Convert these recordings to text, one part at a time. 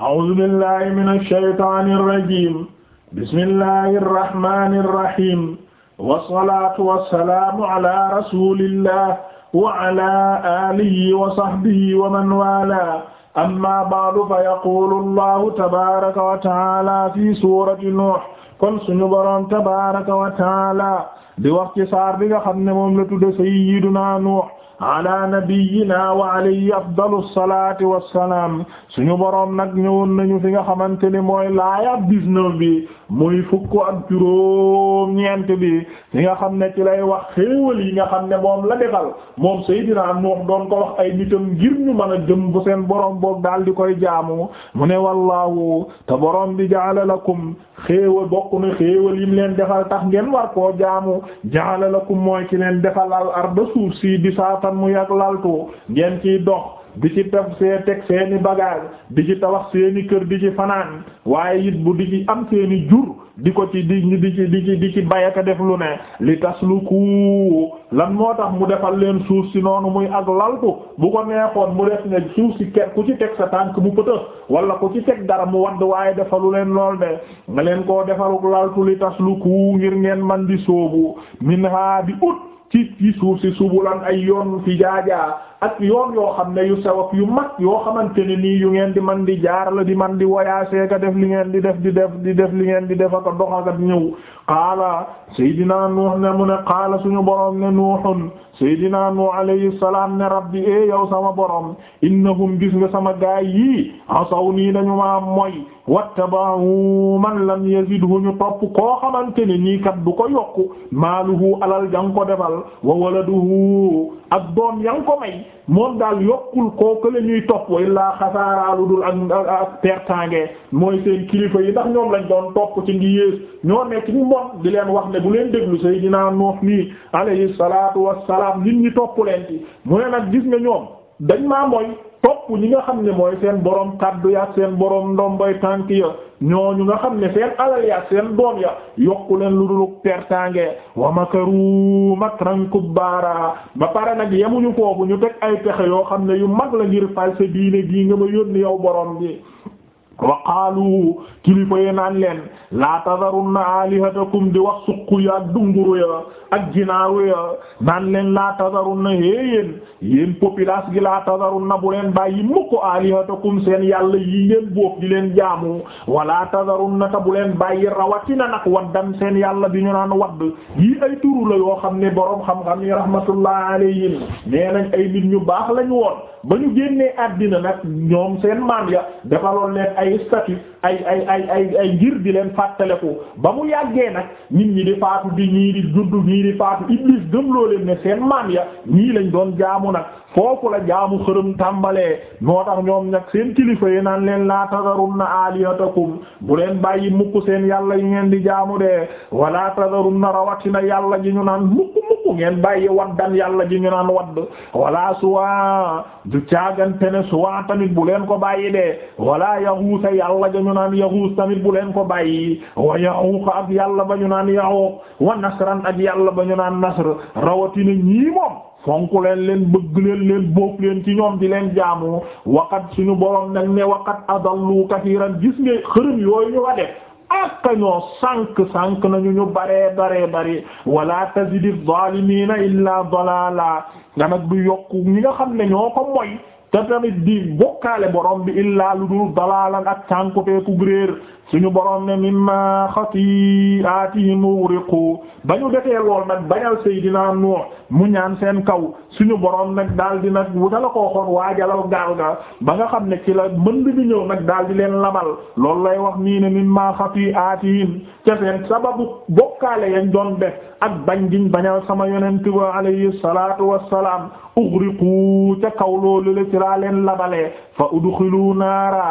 a'uuzu billahi minash shaytaanir rajiim bismillahir rahmaanir rahiim wassalaatu wassalaamu ala rasulillah wa ala aalihi wa sahbihi wa man waalaahu amma ba'du fa yaquulu allahu tabaaraka wa ta'aala fi suurati nuuh kon suñu boroom tabaaraka wa ta'aala di wax ci saar bi nga xam ne moom la tudde sayyidunaa Nuuh ala nabiyyina wa alayhi afdalu salaati wassalaam suñu boroom nag ñëwoon nañu fi nga xamante ni mooy laaya 19 bi muy fukk ak juróom ñeent bi li nga xam ne ci lay wax xéewal yi nga xam ne moom la defal moom Seydina Nuux doon ko wax ay nitam ngir ñu mën a jëm bu seen borom boog daal di koy jaamu mu ne wallaahu te borom bi ja'ala lakum xéewal bokk na xéewal yim leen defal tax ngeen war koo jaamu ja'ala lakum mooy ki leen defal al arda suuf si bisaatan mu yàgg laltu ngeen ciy dox. di ci taf see teg seeni bagage di ci tabax seeni kër di ci fanaan waaye it bu di ci am seeni jur di ko ci di di ci di ci di ci bayaka def lu ne li tasluku lan moo tax mu defal leen suuf si noonu muy ak laltu bu ko neexoon mu def ne suuf si ker ku ci teg sa tànk mu pëtëx wala ku ci teg dara mu wadd waaye defalu leen lool de nga leen koo defaruk laltu li tasluku ngir ngeen man di soobu minha bi ut ci ci suuf si subulan ay yoon fi jaajaa ak yoon yoo xam ne yu sew ak yu mag yoo xamante ne nii yu ngeen di man di jaar di man di voyager ka def li ngeen di def di def di def li ngeen di def ak dox ak ñëw qaala Seydina Nuux ne mu ne qaala suñu borom ne Nuuxun Seydina Nuh alayhi salaam ne rabbi e yow sama borom innahum gis nga sama gaay yii asaw nii dañu maa moy wattaba'u man lam yazidhu ñu topp koo xamante ni nii kat du ko yokku maaluhu alal jang ko defal wa waladuhu ak doom yang ko may moom daal yokkul kooku la ñuy topp wa illaa xasaaraalu dul ak ak mooy seen kilifa yi ndax ñoom lañ doon topp ci ngi yées ñoo nekk ñu moom di leen wax ne bu leen déglu Seydina Nuh nii alayhi salaam nit ñi topp leen ci mu ne nag gis nga ñoom dañ ma mooy topp ñi nga xam ne mooy seen boroom kaddu ya seen borom ndomboy tànk ya ñu nga xam ne seen alal ya seen doom ya yokku leen lu dul pertange wa makaru makran kubbaara ma pare nag yemuñu foofu ñu teg ay pexe yoo xam ne yu mag la ngir fal sa diine gii nga ma yónni yow boroom bi wa qaalu kilifa yi naan leen laa tadarunna alihatakum di wax suq ya ak dunguru ya ak ginaaru ya naan leen laa tadarunna yéen yéen populace gi laa tadarunna bu leen bàyyi mukk alihatakum seen yàlla yi ngeen boof di leen jaamu wala tadarunna ta bu leen bàyyi rawatina nag waddan seen yàlla bi ñu naan wadd yi ay turu la yoo xam ne boroom xam-xam yi rahmatullah alayhim nee nañ ay nit ñu baax lañu woon ba ñu génnee àddina nag ñoom seen maam ay statut ay ay ay ay ay ngir di leen fàttaleku ba mu yàggee nag nit ñi di faatu di ñii di juddu ñii di faatu iblis gëmloo leen ne seen maam ya ñii lañ doon jaamu nag foofu la jaamu xërëm tàmbalee moo tax ñoom seen kilifa yi naan leen laa tadarunna alihatakum bu leen bàyyi mukk seen yàlla yi ngeen di jaamu de wala tadarunna rawatina yàlla ji ñu naan mukk ngeen bàyyi waddan yàlla ji ñu naan wadd wala suwa du caagante ne suwa tamit bu leen ko bàyyi de wala yaxuusa yàlla ja ñu naan yaxuus tamit bu leen ko bàyyi wa yaxuuqa ak ba ñu naan yaxuuq wa nasran ak yàlla ba ñu naan nasr rawatina ñii moom fonk leen leen bëgg leen leen bokk leen ci ñoom di leen jaamu waqat suñu borom nag ne a adallu kasiiran gis nga xërëm yooyu ñu wa def ak ñoo sànq sànq nañu ñu baree baree bari wala tazidi zaalimiina illaa dalaala nga nag bi yokk ñi nga xam ne ñoo ko moy te tamit di bokkaale borom bi illaa lu dul dalaalan ak cànkuteeku réer suñu borom ne mimma xati'atihim ughriqu ba ñu defee lool nag bañal Seydina Nuux mu ñaan seen kaw suñu borom nag daal di nag ko koo xoon waajalal gaal ga ba nga xam ne ci la mën bi ñëw nag daal di leen labal loolu lay wax nii ne mimma xati'atihim ca seen sababu bokkaale yañ doon def ak bañ giñ bañal sama yonent ba alayhi salaatu wassalaam ughriqu ca kaw loolu la laa leen labalee fa udxilu naara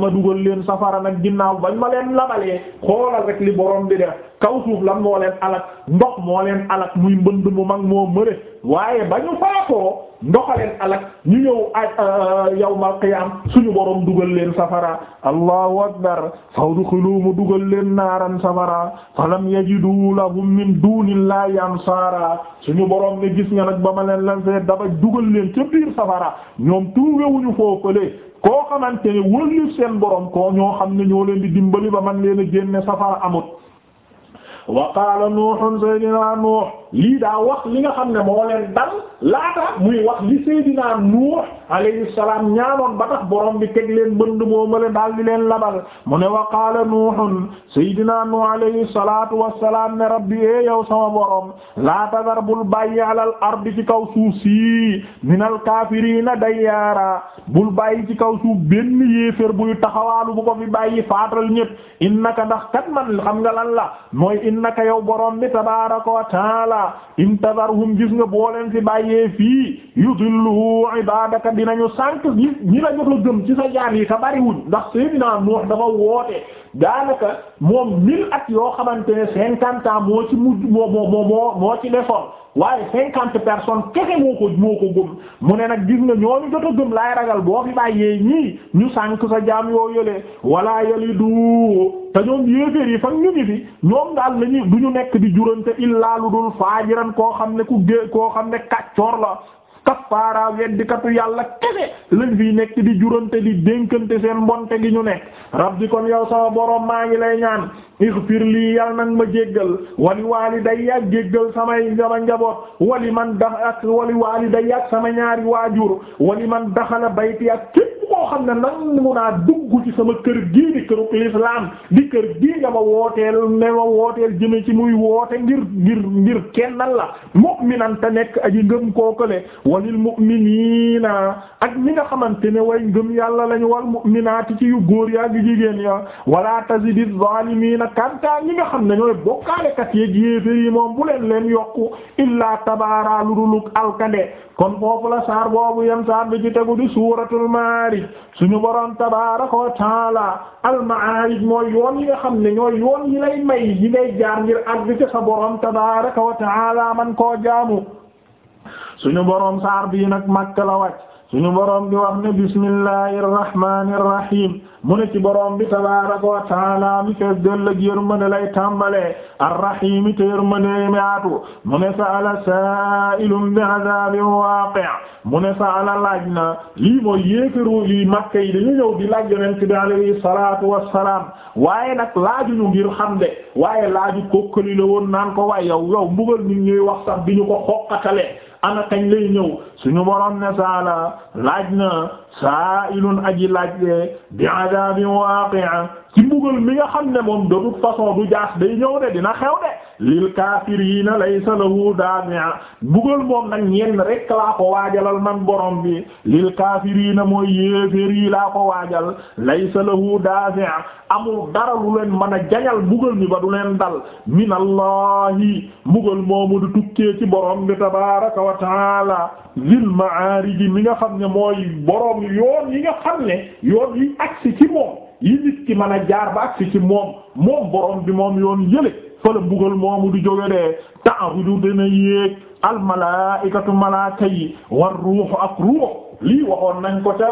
ma dugal leen safara nag ginnaaw bañ ma leen labalee xoolal rek li borom bi def kaw suuf lan moo leen alak ndox moo leen alak muy mbënd mu mag moo mëre waaye ba ñu faatoo ndoxaleen alak ñu ñëw aj euh, euh, yawmal qiyaam suñu borom dugal leen safara allahu akbar fawduxulu mu dugal leen naaran safara falam yajidu lahum min dunillahi ansaara suñu borom ne gis nga nag ba ma leen lan fee daba dugal leen ca biir safara ñoom tuugewuñu foofale koo xamante ne wëlif seen borom ko ñoo xam ne ñoo leen di dimbali ba man leen a génne safara wa qaala nuuhun sayyidina nuuh lii daa wax li nga xam ne moo leen dal laata muy wax li Seydina Nuux alayhi salaam ba tax borom bi teg leen bënd moo male daal di leen labal mu ne wa qaala Seydina Nuux alayhi wassalaam ne rabbi ee eh yow sama borom laa tadar bul bàyyi alal ardi ci kaw suuf sii minal kaafiriina dayyaara bul bàyyi ci kaw suuf benn yéefér buy taxawaalu bu ko fi bàyyi faatal ñépp innaka ndax kat man xam nga lan la mooy innaka yow borom bi tabaaraka rabbana intadarhum gis nga boo leen fi bàyyee fii yudillu ibadaka dinañu sànq ñi ñi la jox gëm ci sa jaam yi te bariwul ndax Seydina Nuux dafa woote daanaka moom mille at yoo xamante ne cinquante ans moo ci mujj moo moo moo moo ci defoon waaye cinquante personnes kese moo ko moo ko gëm mu ne nag gis nga ñooñu jot a gëm laay ragal boo fi bàyyee ñii ñu sànk sa jaam yoo yële walla yali du te ñoom yéeféer yi fag ñu ngi fi ñoom daal lañu du ñu nekk di jurante illaa lu dul faajiran koo xam ne ku gé koo xam ne kàccoor la kafaara weddikatu yàlla kese lañ fiy nekk di jurante di dénkante seen mbonte gi ñu nekk rabbi kon yow sama borom maa ngi lay ñaan ighfir lii yal nag ma jéggal wali waalidayya ak jéggal samay sama njaboot wali man dax ak wali waalidayya ak sama ñaari waajur wali man daxala bayti ak képp koo xam ne nan naa dugg dugg ci sama kër gii di këru l'islam di kër gii nga ma wooteel ne ma wooteel jëme ci muy woote ngir ngir ngir kennal la mu'minan te nekk aji ngëm kookale walil mu'minina ak ñi nga xamante ne way ngëm yàlla lañu wal mu'minaati ci yu góor yaa ngi jigéen ya wala tazidi zalimina kanta ñi nga xam ne ñooy bokkaalekat yeeg yéefér yi moom bu leen leen yokku illaa tabaara luduluk alkande kon foofu la saar boobu yam saar bi ci tegu di suuratul maarij suñu borom wa taala al-ma'aarij mooy yoon yi nga xam ne ñooy yoon yi lay may yi ngay jaar ngir àgg ci sa borom tabaaraka wa taala man koo jaamu suñu borom saar bii nag Makka la wàcc suñu boroom bi wax ne bismillahir rahmanir ci boroom bi tabaaraka wa taala mi fees dell ak yërmande lay tàmbalee arrahimi te yërmande yaatu mu ne sa'ala saa'ilun bi'adaabin waaqi' mu ne sa'ala laaj na lii mooy yi Makka yi dañu di laaj yonent bi alayhi salaatu wassalaam waaye nag laajuñu ngir xam waaye laaju kokkali la woon naan ko waay yow yow mbugal nit ñuy wax sax bi ko xoqatale ana kañ lay ñëw suñu borom ne saala laaj na sa'ilun aji laaj de bi adabin waqi'a ci mbugal mi nga xam ne moom de toute façon du jaas day ñëw de dina xew de lil kaafiriina laysa lahu daami'a bugal moom nag ñenn rek laa ko waajalal man borom bi lil kaafiriina mooy yi laa ko waajal laysa lahu daafi'a amul dara lu leen mën a jañal bugal mi ba du leen dal minallahi bugal moomu du tukkee ci borom bi tabaaraka wa ta'aala zil ma'aariji mi nga xam ne mooy borom yoon yi nga xam ne yoon yi agsi ci moom yi nit ki mën a jaar ba agsi ci moom moom borom bi moom yoon yële fala mbugal moomu di jóge dee ta'ruju dina yéeg almalaikatu malaaka yi war ruuxu ak ruux lii waxoon nañ ko ca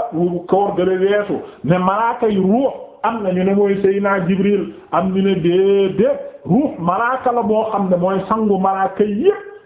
koor gële weesu ne malaaka ruux am na ñu ne mooy Seydina Jibril am ñu ne déedéet ruux malaaka boo xam ne mooy sangu malaaka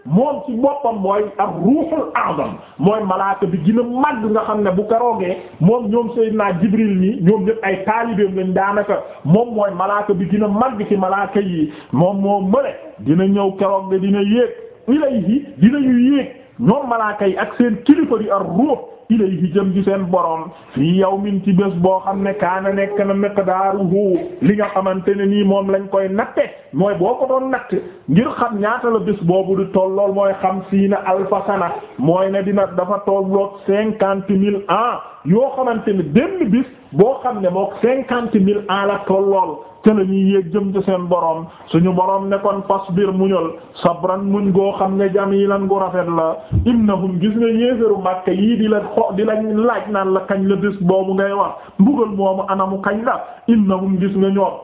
moom ci boppam mooy ak ruuxul a'zam mooy malaaka bi gën a màgg nga xam ne bu keroogee moom ñoom Seydina Jibril nii ñoom ñëpp ay taalibeem lañ daanaka moom mooy malaaka bi gën a ci malaaka yi moom moo mëne dina ñëw keroog de dina yéeg ilayhi dina ñu yéeg ñoom malaaka yi ak seen kilifa di ar ruux ilayhi jëm ci seen borom fii yawmin ci bés boo xam ne kaana nekk na miqdaaruhu li nga xamante ne nii moom lañ koy natte mooy boo ko doon natt ngir xam ñaata la boobu di toll lool mooy xam siina alfa sana mooy ne dina dafa tolloog cinquante mille ans yoo xamante ne benn bis boo xam ne mook cinquante mille ans la tollool te la ñuy yéeg jëm ci seen borom suñu borom nekkoon kon fasbir muñal sabran muñ goo xam ne jamilan gu rafet la innahum gis nga yéefaru Makka yii di la xo di lañ laaj naan la kañ la bés boobu ngay wax mbugal moomu anamu kañ la innahum gis nga ñoom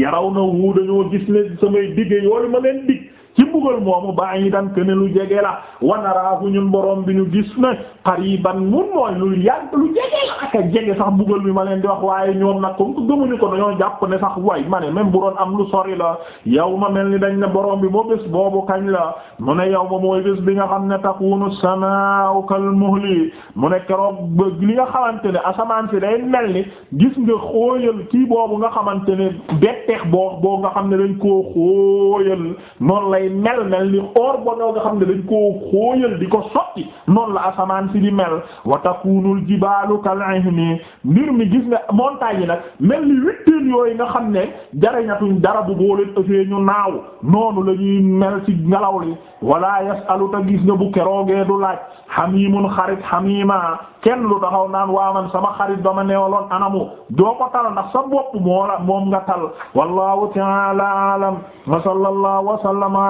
yaraw na wu dañoo gis ne samay digge yooyu ma leen dig ci mbugal moomu ba'idan kene lu jege la wanaraahu ñun borom bi ñu gis na qariban mun mooy lu yàgg lu jege la aka jege sax mbugal bi ma leen di wax waaye ñoom nag comme que gëmuñu ko dañoo jàpp ne sax way ma ne même bu doon am lu sori la yow ma mel ni dañ ne borom bi moo bés boobu kañ la mu ne yow ma mooy bés bi nga xam ne takunu ka kal muhli mu ne keroog li nga xamante ne asamaan si day mel ni gis nga xooyal kii boobu nga xamante ne betteex boo boo nga xam ne dañ koo dafay mel mel ni or ba ñoo nga xam ne dañ koo xóoyal di ko sotti noonu la asamaan si di mel wa takunul jibaalu kal ihni mbir mi gis nga montagne yi nag mel ni witteen yooyu nga xam ne jarañatuñ dara bu booleen ëffee ñu naaw noonu la ñuy mel ci ngelaw li wala yasalu ta gis nga bu keroogee du laaj hamimun xarit hamima kenn lu taxaw naan waa sama xarit ba ma neewaloon anamu doo ko tal ndax sa bopp moo la moom nga tal wallahu ta'ala a'lam wa sallallahu